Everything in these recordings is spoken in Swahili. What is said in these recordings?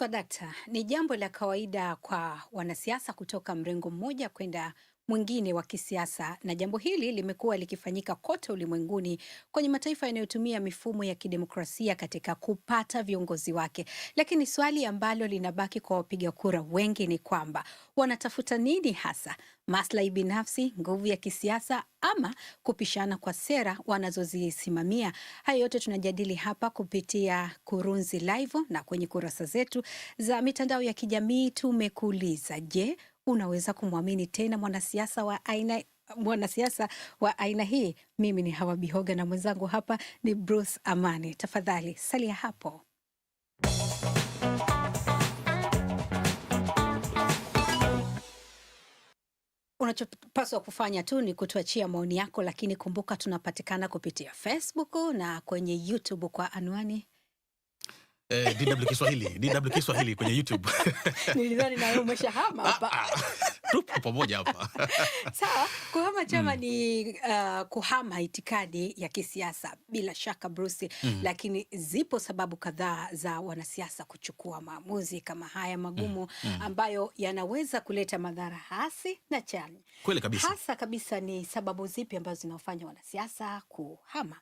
Swadakta, ni jambo la kawaida kwa wanasiasa kutoka mrengo mmoja kwenda mwingine wa kisiasa, na jambo hili limekuwa likifanyika kote ulimwenguni kwenye mataifa yanayotumia mifumo ya kidemokrasia katika kupata viongozi wake. Lakini swali ambalo linabaki kwa wapiga kura wengi ni kwamba wanatafuta nini hasa? Maslahi binafsi, nguvu ya kisiasa, ama kupishana kwa sera wanazozisimamia? Hayo yote tunajadili hapa kupitia Kurunzi Live na kwenye kurasa zetu za mitandao ya kijamii. Tumekuuliza, je, unaweza kumwamini tena mwanasiasa wa aina mwanasiasa wa aina hii? Mimi ni Hawa Bihoga na mwenzangu hapa ni Bruce Amani. Tafadhali salia hapo. Unachopaswa kufanya tu ni kutuachia maoni yako, lakini kumbuka tunapatikana kupitia Facebook na kwenye YouTube kwa anwani Eh, DW Kiswahili, DW Kiswahili kwenye YouTube. Nilidhani na wewe umeshahama hapa. Ah, ah. Tupo pamoja hapa. Sawa, kuhama chama mm. ni uh, kuhama itikadi ya kisiasa bila shaka Bruce, mm. lakini zipo sababu kadhaa za wanasiasa kuchukua maamuzi kama haya magumu mm. Mm. ambayo yanaweza kuleta madhara hasi na chanya. Kweli kabisa. Hasa kabisa ni sababu zipi ambazo zinaofanya wanasiasa kuhama?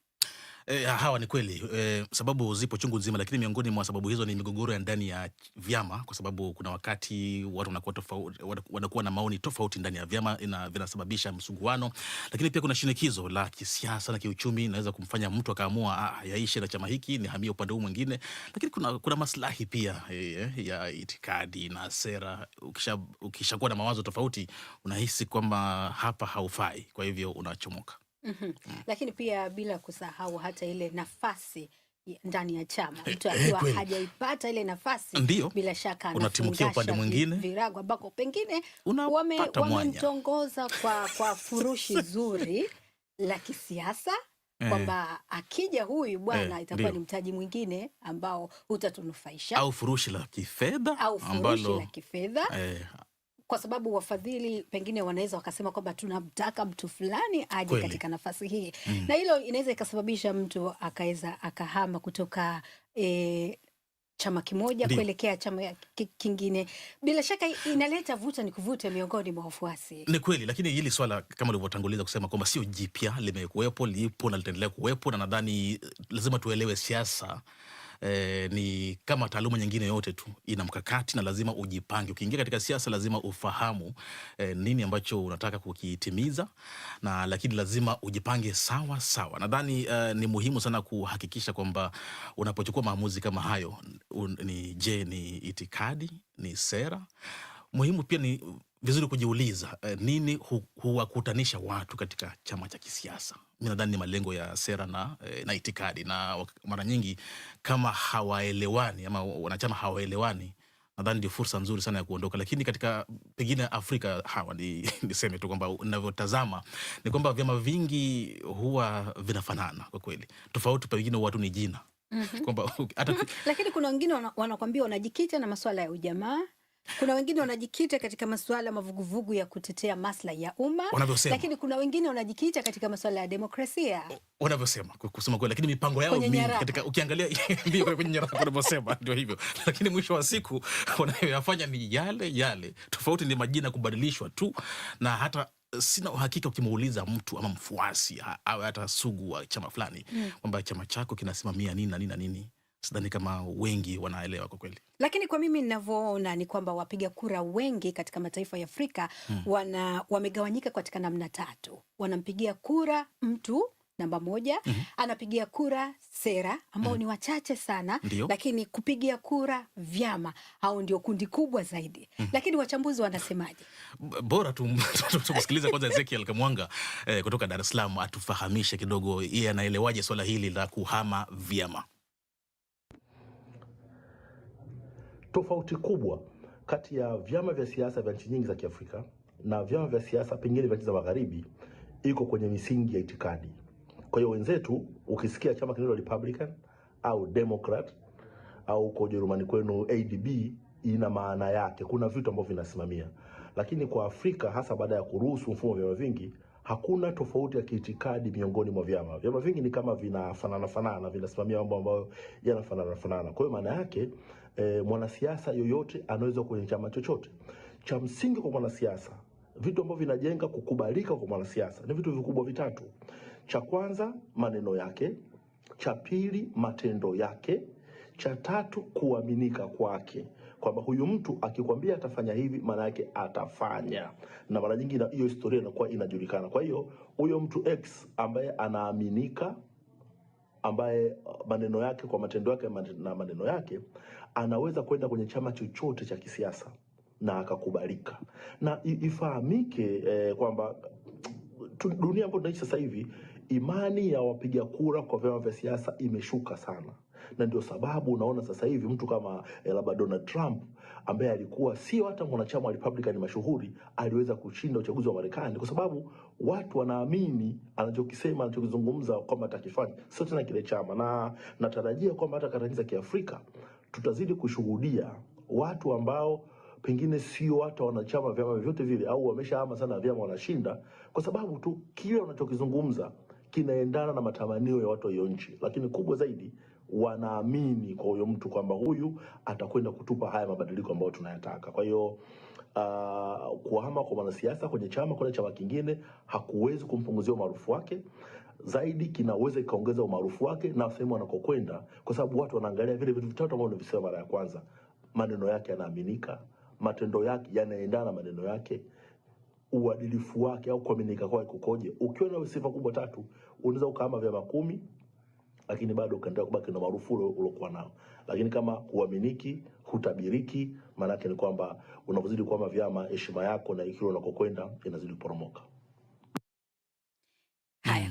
eh, hawa ni kweli eh, sababu zipo chungu nzima, lakini miongoni mwa sababu hizo ni migogoro ya ndani ya vyama, kwa sababu kuna wakati watu wanakuwa tofauti, wanakuwa na maoni tofauti ndani ya vyama, ina vinasababisha msuguano. Lakini pia kuna shinikizo la kisiasa na kiuchumi, naweza kumfanya mtu akaamua ah, yaishe na chama hiki ni hamia upande huu mwingine. Lakini kuna, kuna maslahi pia eh, ya itikadi na sera. Ukishakuwa ukisha na mawazo tofauti, unahisi kwamba hapa haufai, kwa hivyo unachomoka. Mm -hmm. Lakini pia bila kusahau hata ile nafasi ndani ya chama eh, mtu eh, akiwa eh, hajaipata ile nafasi ndiyo, bila shaka unatimukia upande mwingine virago ambako pengine wamemtongoza wame kwa, kwa furushi zuri la kisiasa eh, kwamba akija huyu bwana eh, itakuwa ni mtaji mwingine ambao utatunufaisha au furushi la kifedha ambalo la kifedha eh, kwa sababu wafadhili pengine wanaweza wakasema kwamba tunamtaka mtu fulani aje katika nafasi hii mm. na hilo inaweza ikasababisha mtu akaweza akahama kutoka e, chama kimoja kuelekea chama kingine, bila shaka inaleta vuta ni kuvuta miongoni mwa wafuasi. Ni kweli, lakini hili swala kama ulivyotanguliza kusema kwamba sio jipya, limekuwepo, lipo na litaendelea kuwepo, na nadhani eh, lazima tuelewe siasa Eh, ni kama taaluma nyingine yote tu, ina mkakati na lazima ujipange. Ukiingia katika siasa lazima ufahamu e, nini ambacho unataka kukitimiza, na lakini lazima ujipange sawa sawa. Nadhani e, ni muhimu sana kuhakikisha kwamba unapochukua maamuzi kama hayo un, ni je, ni itikadi, ni sera muhimu pia ni vizuri kujiuliza eh, nini hu, huwakutanisha watu katika chama cha kisiasa. Mi nadhani ni malengo ya sera na, eh, na itikadi, na mara nyingi kama hawaelewani ama wanachama hawaelewani nadhani ndio fursa nzuri sana ya kuondoka, lakini katika pengine Afrika hawa ni, tu kwamba navyotazama ni kwamba vyama vingi huwa vinafanana kwa kweli, tofauti pengine watu ni jina mm -hmm. kwamba hata lakini kuna wengine wanakwambia wanajikita na masuala ya ujamaa kuna wengine wanajikita katika masuala mavuguvugu ya kutetea maslahi ya umma, lakini kuna wengine wanajikita katika masuala ya demokrasia wanavyosema kusema kweli, lakini mipango yao mingi katika, ukiangalia kwenye nyaraka wanavyosema ndio hivyo, lakini mwisho wa siku wanayoyafanya ni yale yale, tofauti ni majina kubadilishwa tu, na hata eh, sina uhakika ukimuuliza mtu ama mfuasi awe hata sugu wa chama fulani mm. kwamba mm, chama chako kinasimamia nini na nini na nini sidhani kama wengi wanaelewa kwa kweli, lakini kwa mimi ninavyoona ni kwamba wapiga kura wengi katika mataifa ya Afrika hmm, wana wamegawanyika katika namna tatu. Wanampigia kura mtu namba moja, mm -hmm. Anapigia kura sera ambao mm -hmm. ni wachache sana ndiyo. Lakini kupigia kura vyama au ndio kundi kubwa zaidi mm -hmm. Lakini wachambuzi wanasemaje? Bora tumsikilize kwanza Ezekiel Kamwanga eh, kutoka Dar es Salaam atufahamishe kidogo yeye anaelewaje swala hili la kuhama vyama. tofauti kubwa kati ya vyama vya siasa vya nchi nyingi za Kiafrika na vyama vya siasa pengine vya nchi za magharibi iko kwenye misingi ya itikadi. Kwa hiyo wenzetu, ukisikia chama kinaitwa Republican au Democrat au uko Ujerumani kwenu ADB, ina maana yake, kuna vitu ambavyo vinasimamia. Lakini kwa Afrika, hasa baada ya kuruhusu mfumo wa vyama vingi, hakuna tofauti ya kiitikadi miongoni mwa vyama. Vyama vingi ni kama vinafanana fanana, vinasimamia mambo ambayo yanafanana fanana. Kwa hiyo maana yake e, mwanasiasa yoyote anaweza kwenye chama chochote. Cha msingi kwa mwanasiasa, vitu ambavyo vinajenga kukubalika kwa mwanasiasa ni vitu vikubwa vitatu. Cha kwanza maneno yake, cha pili matendo yake, cha tatu kuaminika kwake, kwamba huyu mtu akikwambia atafanya hivi, maana yake atafanya, na mara nyingi hiyo historia inakuwa inajulikana. Kwa hiyo huyo mtu X ambaye anaaminika ambaye uh, maneno yake kwa matendo yake na maneno yake anaweza kwenda kwenye chama chochote cha kisiasa na akakubalika. Na ifahamike eh, kwamba dunia ambayo tunaishi sasa hivi imani ya wapiga kura kwa vyama vya siasa imeshuka sana, na ndio sababu unaona sasa hivi mtu kama eh, labda Donald Trump ambaye alikuwa sio hata mwanachama wa Republican mashuhuri aliweza kushinda uchaguzi wa Marekani kwa sababu watu wanaamini anachokisema, anachokizungumza kwamba atakifanya, sio tena kile chama. Na natarajia kwamba hata katika nchi za Kiafrika tutazidi kushuhudia watu ambao pengine sio hata wanachama vyama vyote vile au wameshahama sana vyama, wanashinda kwa sababu tu kile wanachokizungumza kinaendana na matamanio ya watu wa hiyo nchi, lakini kubwa zaidi wanaamini kwa huyo mtu kwamba huyu atakwenda kutupa haya mabadiliko ambayo tunayataka. Kwa hiyo uh, kuhama kwa mwanasiasa kwenye chama kwenda chama kingine hakuwezi kumpunguzia umaarufu wake zaidi, kinaweza kikaongeza umaarufu wake na sehemu anakokwenda, kwa sababu watu wanaangalia vile vitu vitatu ambavyo nimesema mara ya kwanza: maneno yake yanaaminika, matendo yake yanaendana na maneno yake, uadilifu wake au kuaminika kwake kukoje. Ukiwa na sifa kubwa tatu, unaweza ukaama vyama kumi lakini bado ukaendelea kubaki na maarufu ule uliokuwa nao. Lakini kama huaminiki, hutabiriki, maana yake ni kwamba unavyozidi kuama vyama, heshima yako na ikilo unakokwenda inazidi kuporomoka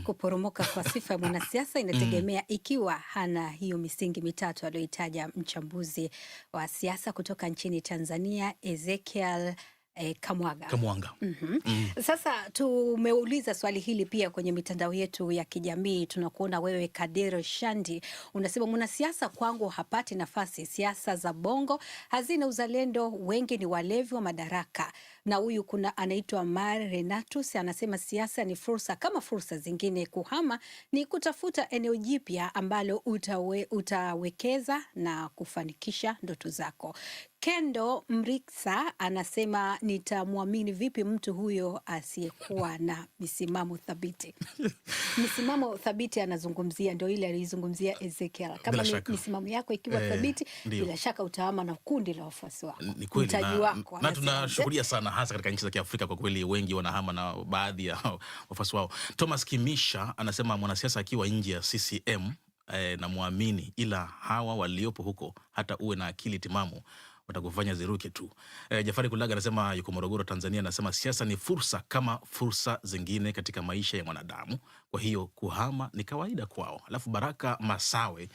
kuporomoka kwa sifa ya mwanasiasa inategemea mm. ikiwa hana hiyo misingi mitatu aliyoitaja mchambuzi wa siasa kutoka nchini Tanzania Ezekiel E, Kamwaga, Kamwanga. mm -hmm. mm. Sasa tumeuliza swali hili pia kwenye mitandao yetu ya kijamii. Tunakuona wewe Kadero Shandi unasema mwanasiasa kwangu hapati nafasi, siasa za bongo hazina uzalendo, wengi ni walevi wa madaraka na huyu kuna anaitwa Mar Renatus anasema siasa ni fursa kama fursa zingine, kuhama ni kutafuta eneo jipya ambalo utawe, utawekeza na kufanikisha ndoto zako. Kendo Mriksa anasema nitamwamini vipi mtu huyo asiyekuwa na misimamo thabiti? Misimamo thabiti anazungumzia ndio ile alizungumzia Ezekiel. Kama misimamo yako ikiwa e, thabiti, bila shaka utahama na kundi la wafuasi wako, mtaji wako, na tunashuhudia sana hasa katika nchi za Kiafrika kwa kweli wengi wanahama na baadhi ya wafuasi wao. Thomas Kimisha anasema mwanasiasa akiwa nje ya CCM eh, na muamini, ila hawa waliopo huko hata uwe na akili timamu watakufanya ziruke tu. E, Jafari Kulaga anasema yuko Morogoro, Tanzania, anasema siasa ni fursa kama fursa zingine katika maisha ya mwanadamu, kwa hiyo kuhama ni kawaida kwao. Alafu Baraka Masawe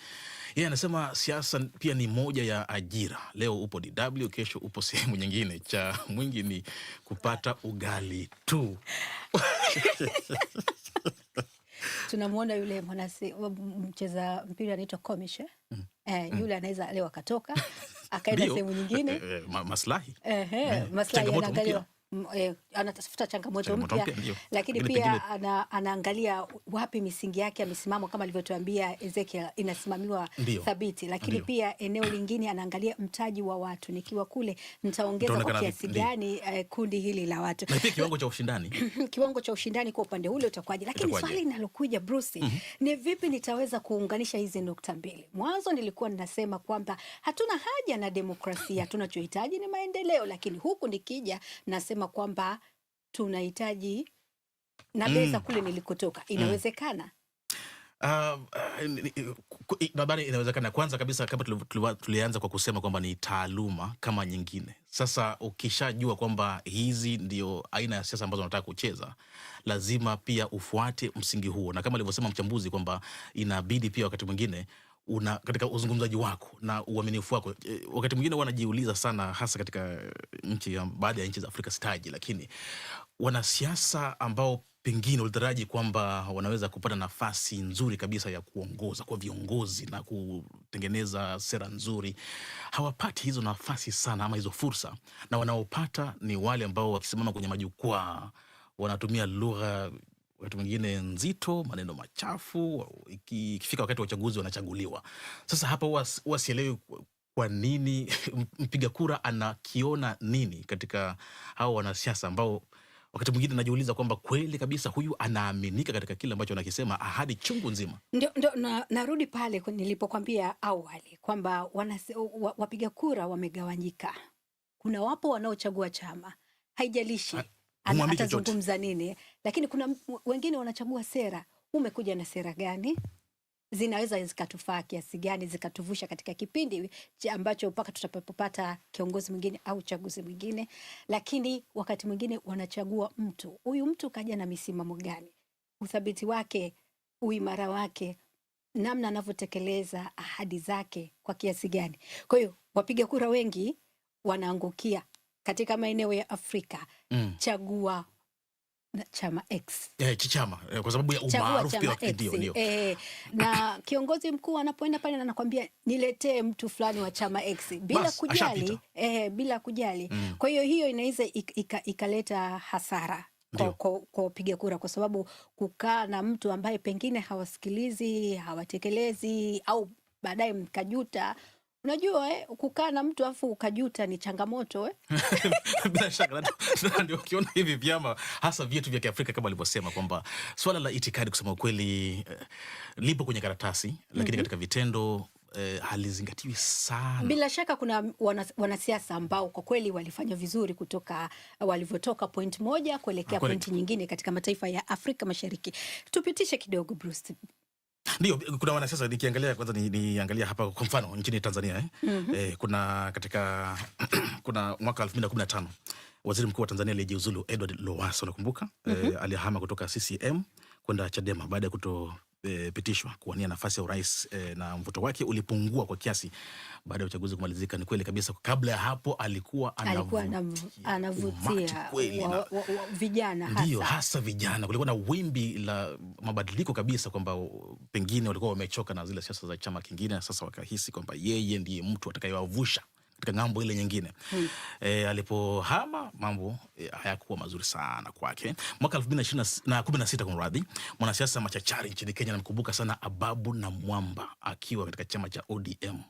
yeye anasema siasa pia ni moja ya ajira. Leo upo DW, kesho upo sehemu nyingine, cha mwingi ni kupata ugali tu. Tunamwona yule mwanasi mcheza mpira anaitwa Komish eh? mm. Eh, mm. yule anaweza leo akatoka akaenda sehemu nyingine eh, eh, maslahi, eh, mm. maslahi yanaangaliwa eh, anatafuta changamoto mpya lakini, lakini pia ana, anaangalia wapi misingi yake ya misimamo kama alivyotuambia Ezekiel inasimamiwa thabiti lakini ndiyo, pia eneo lingine anaangalia mtaji wa watu, nikiwa kule nitaongeza kwa kiasi gani eh, kundi hili la watu na pia kiwango cha ushindani kiwango cha ushindani kwa upande ule utakuwaje? Lakini swali linalokuja Bruce, mm -hmm. ni vipi nitaweza kuunganisha hizi nukta mbili? Mwanzo nilikuwa ninasema kwamba hatuna haja na demokrasia, tunachohitaji ni maendeleo, lakini huku nikija nasema kusema kwamba tunahitaji na mm. beza mm. kule nilikotoka mm. inawezekana mm. Uh, inawezekana. Kwanza kabisa, kama tulianza kwa kusema kwamba ni taaluma kama nyingine. Sasa ukishajua kwamba hizi ndio aina ya siasa ambazo unataka kucheza, lazima pia ufuate msingi huo, na kama alivyosema mchambuzi kwamba inabidi pia wakati mwingine una katika uzungumzaji wako na uaminifu wako. E, wakati mwingine wanajiuliza sana, hasa katika nchi baadhi ya nchi za Afrika, sitaji, lakini wanasiasa ambao pengine ulitaraji kwamba wanaweza kupata nafasi nzuri kabisa ya kuongoza kwa viongozi na kutengeneza sera nzuri, hawapati hizo nafasi sana ama hizo fursa, na wanaopata ni wale ambao wakisimama kwenye majukwaa wanatumia lugha wakati mwingine nzito, maneno machafu, ikifika wakati wa uchaguzi wanachaguliwa. Sasa hapa huwa sielewi kwa nini mpiga kura anakiona nini katika hao wanasiasa ambao wakati mwingine najiuliza kwamba kweli kabisa huyu anaaminika katika kile ambacho anakisema, ahadi chungu nzima. Ndio, ndio na, narudi pale nilipokwambia awali kwamba wapiga kura wamegawanyika. Kuna wapo wanaochagua chama haijalishi atazungumza nini, lakini kuna wengine wanachagua sera. Umekuja na sera gani zinaweza zikatufaa kiasi gani, zikatuvusha katika kipindi ambacho mpaka tutapopata kiongozi mwingine au uchaguzi mwingine. Lakini wakati mwingine wanachagua mtu, huyu mtu kaja na misimamo gani, uthabiti wake, uimara wake, namna anavyotekeleza ahadi zake kwa kiasi gani. Kwa hiyo wapiga kura wengi wanaangukia katika maeneo ya Afrika mm. chagua chama X eh, chama eh, kwa sababu ya umaarufu pia, ndio ndio eh, eh. na kiongozi mkuu anapoenda pale anakwambia niletee mtu fulani wa chama X bila Bas, kujali eh, bila kujali mm. kwa hiyo hiyo inaweza ikaleta ika, ika hasara kwa wapiga kura kwa sababu kukaa na mtu ambaye pengine hawasikilizi hawatekelezi au baadaye mkajuta Unajua eh, kukaa na mtu afu ukajuta ni changamoto eh? Bila shaka ndio ukiona hivi vyama hasa vyetu vya Kiafrika kama alivyosema kwamba swala la itikadi kusema ukweli eh, lipo kwenye karatasi lakini mm -hmm. katika vitendo eh, halizingatiwi sana. Bila shaka kuna wanasiasa ambao kwa kweli walifanya vizuri kutoka walivyotoka point moja kuelekea pointi nyingine katika mataifa ya Afrika Mashariki. Tupitishe kidogo Bruce. Ndio, kuna wanasiasa nikiangalia, kwanza niangalia ni hapa kwa mfano nchini Tanzania eh? mm -hmm. Eh, kuna katika kuna mwaka 2015 na kumi waziri mkuu wa Tanzania aliyejiuzulu Edward Lowassa unakumbuka? mm -hmm. Eh, alihama kutoka CCM kwenda Chadema baada ya kuto e, kuwania nafasi ya urais e, na mvuto wake ulipungua kwa kiasi baada ya uchaguzi kumalizika. Ni kweli kabisa, kabla ya hapo alikuwa anavutia vijana, ndio hasa vijana. Kulikuwa na wimbi la mabadiliko kabisa, kwamba pengine walikuwa wamechoka na zile siasa za chama kingine, na sasa wakahisi kwamba yeye ndiye mtu atakayewavusha katika ngambo ile nyingine hmm. E, alipohama mambo e, hayakuwa mazuri sana kwake. Mwaka elfu mbili na kumi na sita kumradhi, mwanasiasa machachari nchini Kenya, anamkumbuka sana Ababu na Mwamba akiwa katika chama cha ODM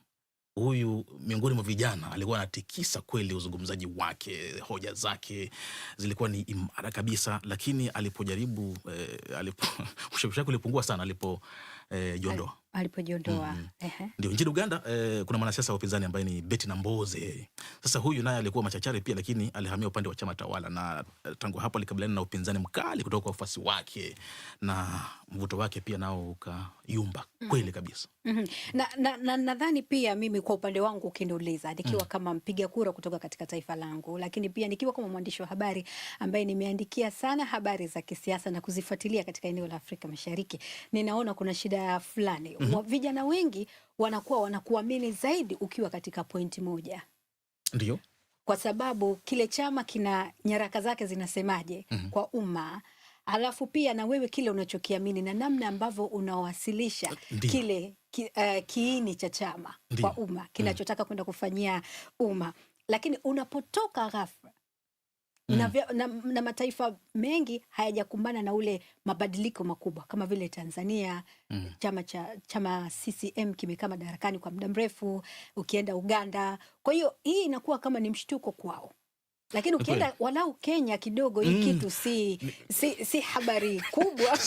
huyu miongoni mwa vijana alikuwa anatikisa kweli, uzungumzaji wake, hoja zake zilikuwa ni imara kabisa, lakini alipojaribu eh, alipo ushawishi wake ulipungua sana alipojiondoa e, eh, alipojiondoa mm -hmm. Ndio nchini Uganda eh, kuna mwanasiasa wa upinzani ambaye ni Betty Namboze. Sasa huyu naye alikuwa machachari pia, lakini alihamia upande wa chama tawala, na eh, tangu hapo alikabiliana na upinzani mkali kutoka kwa wafuasi wake na mvuto wake pia nao ukayumba mm -hmm. Kweli kabisa mm -hmm. na nadhani na, na pia mimi kwa upande wangu ukiniuliza, nikiwa mm -hmm. kama mpiga kura kutoka katika taifa langu, lakini pia nikiwa kama mwandishi wa habari ambaye nimeandikia sana habari za kisiasa na kuzifuatilia katika eneo la Afrika Mashariki, ninaona kuna shida fulani mm -hmm. Vijana wengi wanakuwa wanakuamini zaidi ukiwa katika pointi moja, ndio kwa sababu kile chama kina nyaraka zake zinasemaje mm -hmm. kwa umma alafu pia na wewe kile unachokiamini na namna ambavyo unawasilisha Ndiyo. kile ki, uh, kiini cha chama kwa umma kinachotaka mm. kwenda kufanyia umma, lakini unapotoka ghafla mm. na, na, na mataifa mengi hayajakumbana na ule mabadiliko makubwa kama vile Tanzania mm. chama cha chama CCM kimekaa madarakani kwa muda mrefu, ukienda Uganda. Kwa hiyo hii inakuwa kama ni mshtuko kwao lakini ukienda walau Kenya kidogo hii mm. kitu si, si, si habari kubwa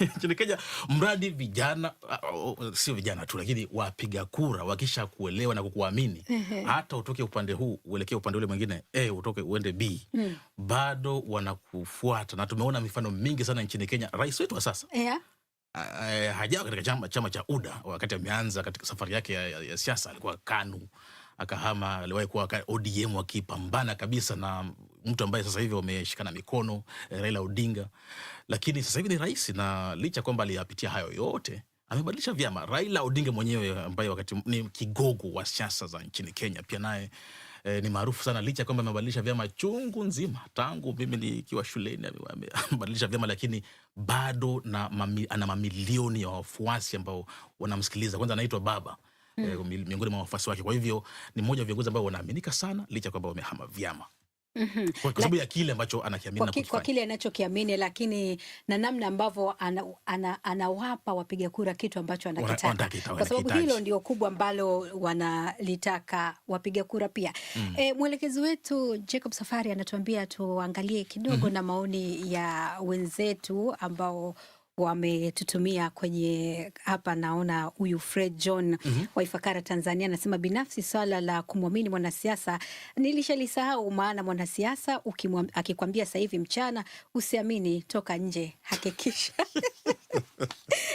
nchini Kenya, mradi vijana uh, uh, sio vijana tu, lakini wapiga kura wakisha kuelewa na kukuamini hata utoke upande huu uelekee upande ule mwingine A, utoke uende B mm. bado wanakufuata, na tumeona mifano mingi sana nchini Kenya. Rais wetu wa sasa yeah. hajawa katika chama, chama cha UDA wakati ameanza katika safari yake ya, ya, ya siasa alikuwa KANU akahama. Aliwahi kuwa ODM akipambana kabisa na mtu ambaye sasa hivi wameshikana mikono eh, Raila Odinga, lakini sasa hivi ni rais, na licha kwamba aliyapitia hayo yote amebadilisha vyama. Raila Odinga mwenyewe ambaye wakati ni kigogo wa siasa za nchini Kenya pia naye E, ni maarufu sana licha kwamba amebadilisha vyama chungu nzima tangu mimi nikiwa shuleni amebadilisha vyama, lakini bado na mami, ana mamilioni ya wafuasi ambao wanamsikiliza. Kwanza anaitwa baba mm. eh, miongoni mwa wafuasi wake. Kwa hivyo ni mmoja wa viongozi ambao wanaaminika sana licha kwamba wamehama vyama Mm -hmm. Kwa sababu ya kile ambacho anakiamini kwa, kwa kile anachokiamini lakini na namna ambavyo anawapa ana, ana wapiga kura kitu ambacho anakitaka, kwa sababu hilo ndio kubwa ambalo wanalitaka wapiga kura pia. mm -hmm. E, mwelekezi wetu Jacob Safari anatuambia tuangalie kidogo mm -hmm. na maoni ya wenzetu ambao wametutumia kwenye hapa, naona huyu Fred John mm -hmm. wa Ifakara Tanzania anasema binafsi swala la kumwamini mwanasiasa nilishalisahau, maana mwanasiasa akikuambia sasa hivi mchana usiamini, toka nje, hakikisha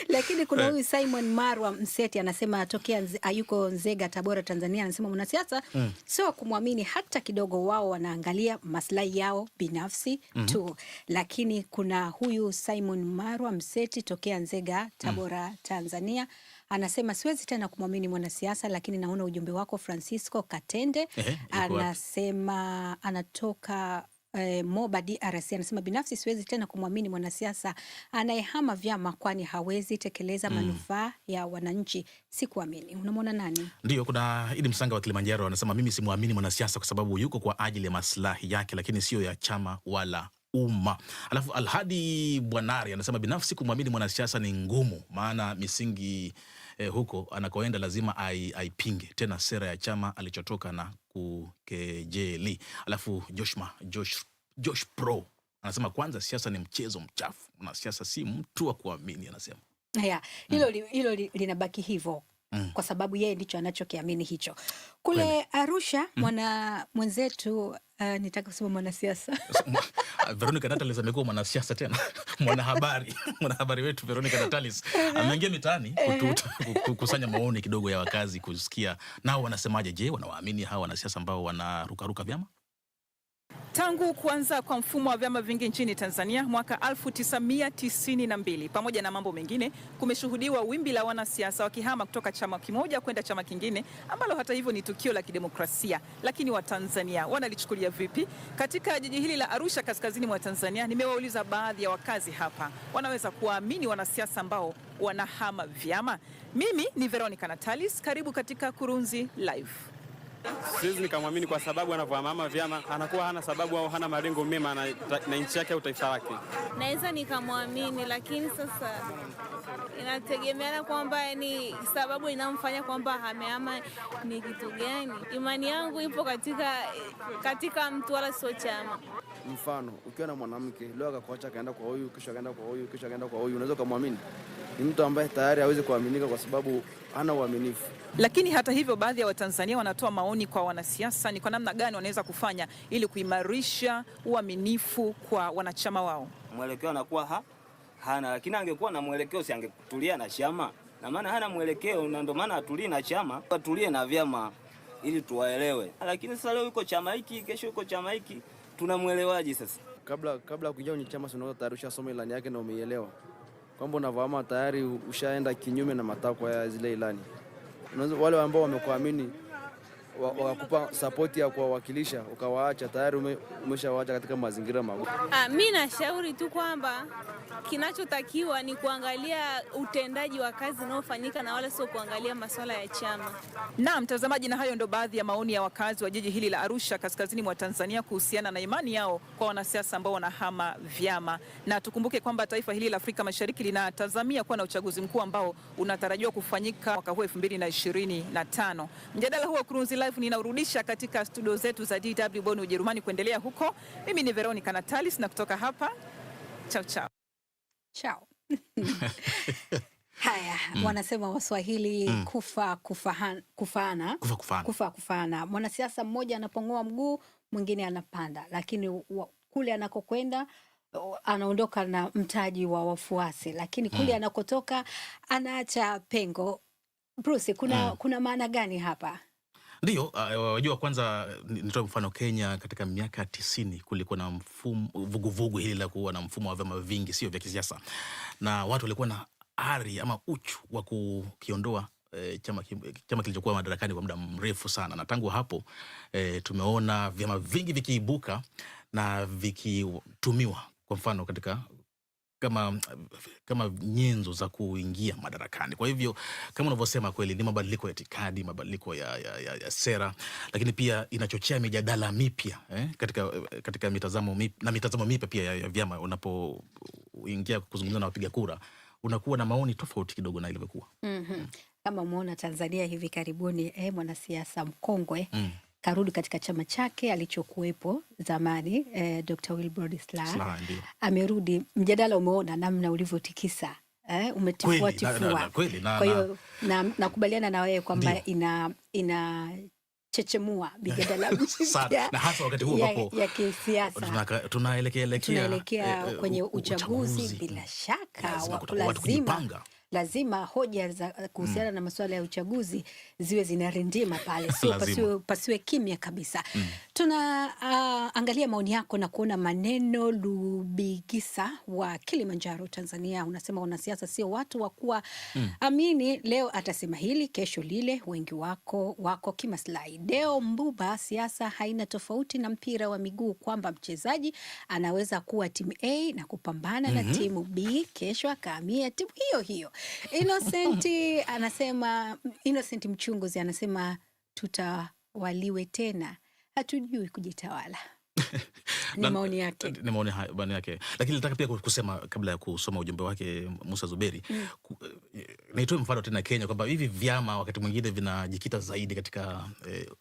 Lakini kuna eh. huyu Simon Marwa Mseti anasema atokea ayuko Nzega, Tabora, Tanzania, anasema mwanasiasa mm. sio kumwamini hata kidogo, wao wanaangalia maslahi yao binafsi mm -hmm. tu. Lakini kuna huyu Simon Marwa Mseti tokea Nzega, mm. Tabora, mm. Tanzania anasema siwezi tena kumwamini mwanasiasa, lakini naona ujumbe wako Francisco Katende. Ehe, anasema anatoka eh, Moba DRC anasema binafsi siwezi tena kumwamini mwanasiasa anayehama vyama kwani hawezi tekeleza mm. manufaa ya wananchi. Si kuamini. Unamwona nani? Ndio, kuna Idi Msanga wa Kilimanjaro anasema mimi simwamini mwanasiasa kwa sababu yuko kwa ajili ya maslahi yake, lakini siyo ya chama wala umma. Alafu Alhadi Bwanari anasema binafsi kumwamini mwanasiasa ni ngumu, maana misingi eh, huko anakoenda lazima aipinge tena sera ya chama alichotoka na kukejeli. Alafu Joshma, Josh, Josh Pro anasema kwanza, siasa ni mchezo mchafu, mwanasiasa si mtu wa kuamini, anasema ya hilo mm. hilo linabaki hivyo Mm. Kwa sababu yeye ndicho anachokiamini hicho. Kule Arusha mm. mwana mwenzetu Uh, nitaka kusema mwanasiasa ah, Veronica Natalis amekuwa mwanasiasa tena mwanahabari mwanahabari wetu Veronica Natalis ameingia mitaani kukusanya maoni kidogo ya wakazi kusikia nao wanasemaje. Je, wanawaamini hawa wanasiasa ambao wanarukaruka vyama? Tangu kuanza kwa mfumo wa vyama vingi nchini Tanzania mwaka 1992 pamoja na mambo mengine, kumeshuhudiwa wimbi la wanasiasa wakihama kutoka chama kimoja kwenda chama kingine, ambalo hata hivyo ni tukio la kidemokrasia. Lakini Watanzania wanalichukulia vipi? Katika jiji hili la Arusha, kaskazini mwa Tanzania, nimewauliza baadhi ya wakazi hapa, wanaweza kuwaamini wanasiasa ambao wanahama vyama? Mimi ni Veronica Natalis, karibu katika Kurunzi Live. Siwezi nikamwamini kwa sababu anavyohamahama vyama anakuwa hana sababu au hana malengo mema na, na nchi yake au taifa lake. Naweza nikamwamini lakini sasa inategemeana kwamba yani sababu inamfanya kwamba amehama ni kitu gani. Imani yangu ipo katika, katika mtu wala sio chama. Mfano, ukiwa na mwanamke leo akakuacha akaenda kwa huyu, kisha akaenda kwa huyu, kisha akaenda kwa huyu, unaweza ukamwamini? Ni mtu ambaye tayari hawezi kuaminika kwa sababu hana uaminifu. Lakini hata hivyo, baadhi ya Watanzania wanatoa maoni kwa wanasiasa ni kwa namna gani wanaweza kufanya ili kuimarisha uaminifu kwa wanachama wao. Mwelekeo anakuwa ha hana, lakini angekuwa na mwelekeo si angetulia na chama, na maana hana mwelekeo, na ndio maana atulie na chama, atulie na vyama ili tuwaelewe. Lakini sasa leo yuko chama hiki, kesho yuko chama hiki, tunamwelewaje sasa? Kabla kabla ya kuingia kwenye chama, unaweza tayari ushasoma ilani yake na umeielewa kwamba unavyohama tayari ushaenda kinyume na matakwa ya zile ilani. Wale ambao wamekuamini wakakupa sapoti ya kuwawakilisha ukawaacha, tayari umeshawaacha katika mazingira magumu. Ah, mi nashauri tu kwamba kinachotakiwa ni kuangalia utendaji wa kazi unaofanyika na wala sio kuangalia masuala ya chama. Naam mtazamaji, na hayo ndo baadhi ya maoni ya wakazi wa jiji hili la Arusha kaskazini mwa Tanzania kuhusiana na imani yao kwa wanasiasa ambao wanahama vyama, na tukumbuke kwamba taifa hili la Afrika Mashariki linatazamia kuwa na uchaguzi mkuu ambao unatarajiwa kufanyika mwaka huu 2025. Mjadala huu wa Kurunzi Live live ninaurudisha katika studio zetu za DW Bonn Ujerumani, kuendelea huko. Mimi ni Veronica Natalis na kutoka hapa chao chao chao. Haya, mm. Wanasema Waswahili mm. kufa kufahana, kufaana, kufa kufaana, kufa kufaana. Mwanasiasa mmoja anapong'oa mguu mwingine anapanda, lakini kule anakokwenda anaondoka na mtaji wa wafuasi, lakini kule mm. anakotoka anaacha pengo. Bruce, kuna, mm. kuna maana gani hapa? ndio ah, eh, wajua, kwanza nitoe mfano Kenya, katika miaka tisini kulikuwa na mfumo vuguvugu hili la kuwa na mfumo wa vyama vingi sio vya kisiasa, na watu walikuwa na ari ama uchu wa kukiondoa E, chama, chama kilichokuwa madarakani kwa muda mrefu sana, na tangu hapo e, tumeona vyama vingi vikiibuka na vikitumiwa kwa mfano katika kama kama nyenzo za kuingia madarakani. Kwa hivyo kama unavyosema kweli, ni mabadiliko ya itikadi, mabadiliko ya, ya, ya, ya sera, lakini pia inachochea mijadala mipya eh, katika, katika mitazamo mipya, na mitazamo mipya pia ya, ya vyama. Unapoingia kuzungumza na wapiga kura unakuwa na maoni tofauti kidogo na ilivyokuwa. mm -hmm. mm. Kama umeona Tanzania hivi karibuni eh, mwanasiasa mkongwe mm karudi katika chama chake alichokuwepo zamani eh, Dr. Wilbrod Slaa amerudi. Mjadala umeona namna ulivyotikisa eh, umetifua tifua. Kwa hiyo nakubaliana na wewe kwamba ina ina chechemua mijadala na hasa wakati huu ambapo ya kisiasa tunaelekea tunaelekea eh, kwenye uchaguzi, uchaguzi. Bila shaka watu lazima lazima hoja za eh, kuhusiana mm. na masuala ya uchaguzi ziwe zinarindima pale, sio pasiwe, pasiwe kimya kabisa mm. tuna uh, angalia maoni yako na kuona maneno. Lubigisa wa Kilimanjaro, Tanzania, unasema wanasiasa sio watu wa kuwa mm. amini, leo atasema hili, kesho lile, wengi wako wako kimaslahi. Deo Mbuba, siasa haina tofauti na mpira wa miguu kwamba mchezaji anaweza kuwa timu A na kupambana mm -hmm. na mhm. timu B, kesho akaamia timu hiyo hiyo Innocent anasema, Innocent Mchunguzi anasema tutawaliwe tena, hatujui kujitawala. Ni maoni yake, ni maoni yake, lakini nataka pia kusema kabla ya kusoma ujumbe wake Musa Zuberi mm. Eh, Naitoe mfano tena Kenya kwamba hivi vyama wakati mwingine vinajikita zaidi katika eh,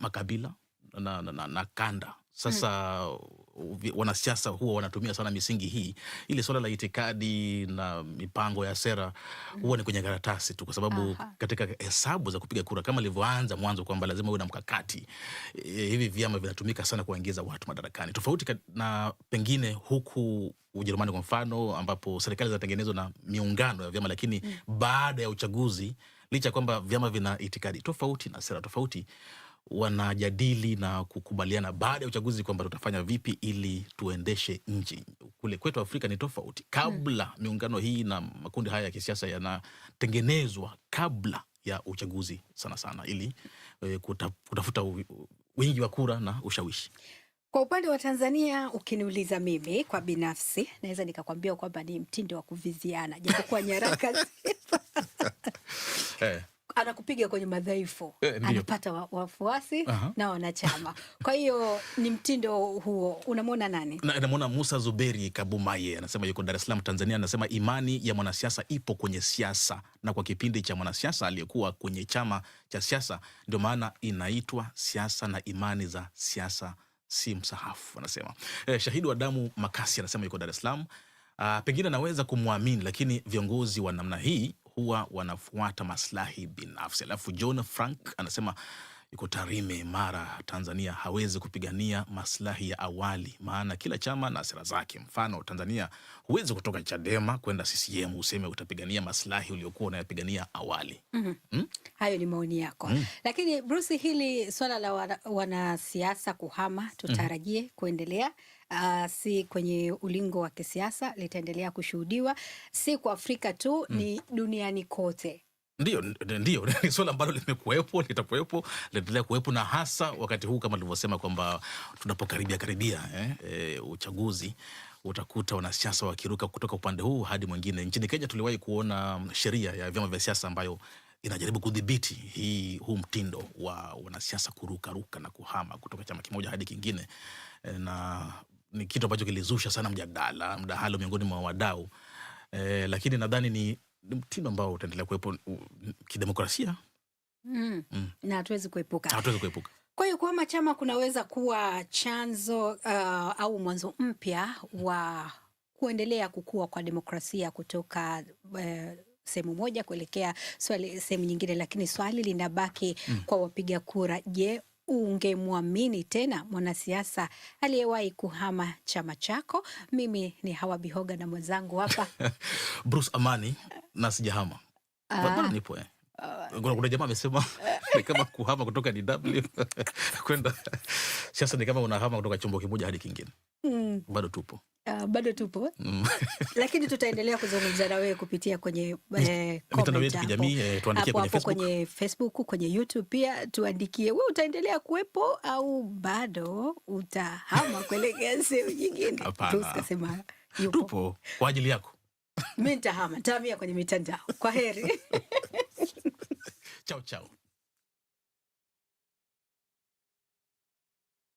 makabila na, na, na, na kanda sasa mm wanasiasa huwa wanatumia sana misingi hii. Ile swala la itikadi na mipango ya sera huwa ni kwenye karatasi tu, kwa sababu Aha. katika hesabu za kupiga kura kama ilivyoanza mwanzo kwamba lazima uwe na mkakati e, hivi vyama vinatumika sana kuwaingiza watu madarakani, tofauti na pengine huku Ujerumani kwa mfano, ambapo serikali zinatengenezwa na miungano ya vyama, lakini mm. baada ya uchaguzi, licha ya kwamba vyama vina itikadi tofauti na sera tofauti wanajadili na kukubaliana baada ya uchaguzi kwamba tutafanya vipi ili tuendeshe nchi. Kule kwetu Afrika ni tofauti. Kabla hmm, miungano hii na makundi haya ya kisiasa yanatengenezwa kabla ya uchaguzi sana sana, ili e, kuta, kutafuta wingi wa kura na ushawishi. Kwa upande wa Tanzania ukiniuliza mimi kwa binafsi, naweza nikakwambia kwamba ni mtindo wa kuviziana, japokuwa nyaraka anakupiga kwenye madhaifu eh, anapata wafuasi uh -huh. na wanachama. Kwa hiyo ni mtindo huo. Unamwona nani? Namwona Musa Zuberi Kabumaye, anasema yuko Dar es Salaam, Tanzania. Anasema imani ya mwanasiasa ipo kwenye siasa, na kwa kipindi cha mwanasiasa aliyekuwa kwenye chama cha siasa, ndio maana inaitwa siasa, na imani za siasa si msahafu, anasema eh. Shahidi wa damu Makasi anasema yuko Dar es Salaam. Uh, pengine anaweza kumwamini, lakini viongozi wa namna hii huwa wanafuata maslahi binafsi. Alafu John Frank anasema yuko Tarime, Mara, Tanzania, hawezi kupigania maslahi ya awali, maana kila chama na sera zake. Mfano, Tanzania huwezi kutoka Chadema kwenda CCM useme utapigania maslahi uliokuwa unayapigania awali. mm -hmm. mm? Hayo ni maoni yako. mm Lakini Bruce, hili swala la wanasiasa kuhama tutarajie mm -hmm. kuendelea uh, si kwenye ulingo wa kisiasa, litaendelea kushuhudiwa si kwa Afrika tu mm. ni duniani kote. Ndio, ndio ni swala ambalo limekuwepo, litakuwepo, litaendelea kuwepo na hasa wakati huu kama nilivyosema kwamba tunapokaribia karibia, eh, eh, uchaguzi utakuta wanasiasa wakiruka kutoka upande huu hadi mwingine. Nchini Kenya tuliwahi kuona sheria ya vyama vya siasa ambayo inajaribu kudhibiti hii huu mtindo wa wanasiasa kurukaruka na kuhama kutoka chama kimoja hadi kingine, eh, na ni kitu ambacho kilizusha sana mjadala, mdahalo miongoni mwa wadau e, lakini nadhani ni mtindo ambao utaendelea kuwepo kidemokrasia mm. Mm. na hatuwezi kuepuka, hatuwezi kuepuka. Kwa hiyo kwama chama kunaweza kuwa chanzo uh, au mwanzo mpya wa kuendelea kukua kwa demokrasia kutoka uh, sehemu moja kuelekea sehemu nyingine, lakini swali linabaki mm. kwa wapiga kura, je, ungemwamini tena mwanasiasa aliyewahi kuhama chama chako? Mimi ni Hawa Bihoga na mwenzangu hapa Bruce Amani na sijahama bado ah. nipo Uh, kuna jamaa amesema eh ni kama kuhama kutoka DW kwenda siasa, ni kama unahama kutoka chombo kimoja hadi kingine. Mm. Bado tupo uh, bado tupo mm. Lakini tutaendelea kuzungumza na wewe kupitia kwenye eh, mitandao yetu kijamii eh, tuandikie kwenye Facebook, kwenye Facebook, kwenye YouTube pia tuandikie. Wewe utaendelea kuwepo au bado utahama kuelekea sehemu nyingine? Tusikasema tupo kwa ajili yako. Mi ntahama ntahamia kwenye mitandao. Kwa heri. chao chao.